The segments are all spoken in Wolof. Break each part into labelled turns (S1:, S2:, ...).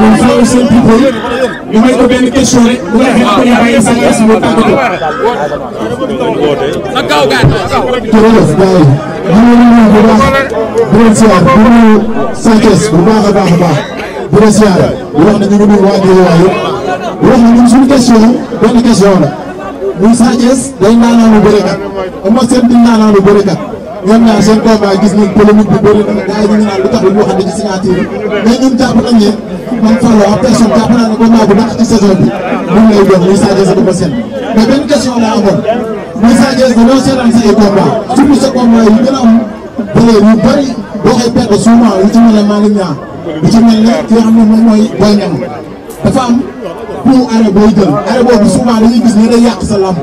S1: moom soo seen people ñu may bu neexee na ko ñaaree SMS mu tàggatoo. jërëjëf gars yi ñu ngi leen bu baax di leen siyaar bu ñu sànqees bu baax a baax a baax di leen siyaar wax na ñu ngi nuyu waa Géejawaay yëpp wax benn question la muy sànqees day naanaanu bërekat Eumeu Sène di naanaanu bërekat ñoom ñaar seen combat gis nañ polémique bi na gars yi naan lu tax lu ñu waxante ci signature mais ñun jàpp nañ ne man Fallou en personne jàpp naa ne combat bu dàq ci saison bi moom lay doon muy Sa Thiès Eumeu Sène mais benn amoon muy Sa sa combat yi gën a am bële yu bëri boo lu ci mel nga xam am pour arrêt booy gis ne day yàq sa lamb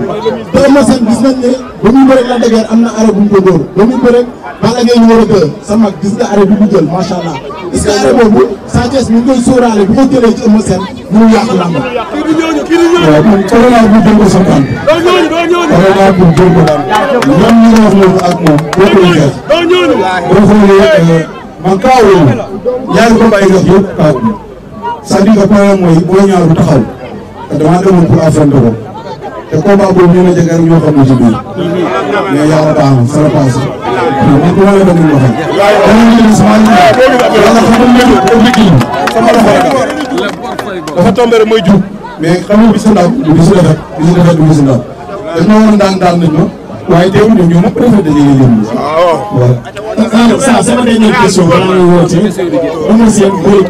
S1: te Eumeu Sène gis nañ ne ba muy bëreeg la dëgër am na arrêt bu mu ko a ba muy bëreeg Balla Gaye sa mag gis nga arrêt bi jël macha allah. scaale boobu Sa Thiès mi bu ko jëlee ci Eumeu Sène mënul yàq lamb. waaw kon corona bi démb santaan. corona bi démb daal. ñoom ñu ngi ak moom bokkul xeex. boo man kaa woowu ñaari combat yi nga xam yëpp kaa woowu. c'est-à-dire que problème taxaw. damaa demoon pour affronter te combat boobu nee na jëkk rek ñoo xam ne ci biir mais baax na sama ñu yàlla xamul ñu ko liggéey sama loxo rek dafa tombé rek mooy jub mais xamul bi sa ndaw bi sa defet bi sa defet bi sa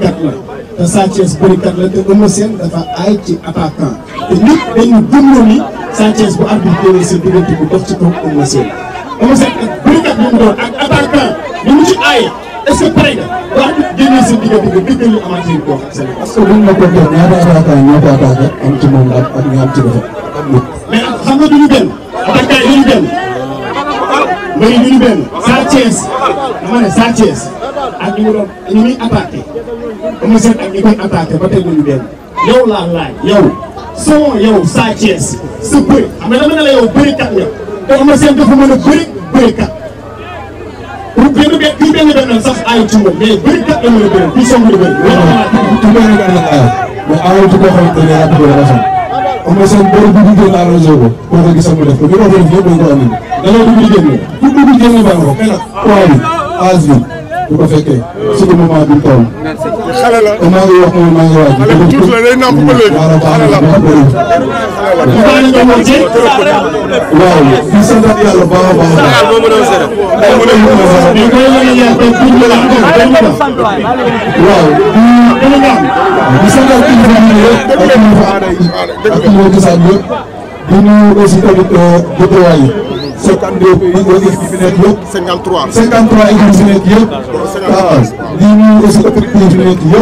S1: ndaw te Sa Thiès bërikat la te Eumeu dafa aay ci attaquant te nit dañu gëmloo ni Sa Thiès bu arbitre sa diggante bu dox ci kaw Eumeu Sène Eumeu Sène ak bërikat ak nga wax génnee parce que buñ la am ci moom xam nga duñu benn attaquant yi duñu ak ñu mu muy attaqué Eumeu Sène ak ñi a attaqué ba tey ñu benn yow laa laaj yow soo yow Sa Thiès sa bëri xam nga dama ne la yow bërikat nga te Eumeu Sène dafa mën a bëri bërikat pour benn benn kii benn benn sax aay ci moom mais bërikat la mën a bëri kii soo mën a bëri. waaw am na seen bëri bu duggee naa la ko boo ko gisal mu def ko bi ma ko def yëpp dañ ko andi da ngay dugg di génn bu dugg génn baaxoo kenn poids bi bu ko fekkee surtout moment bi mu toll. xale la te maa ngi wax moom maa ngi waaj. xale bu tuuti la day nàmp ba léegi xale la waaw di sant yàlla baax a baax a baax. waaw di sant 52 pays ligue ah, bi fi nekk yëpp 53 53 équipes yi fi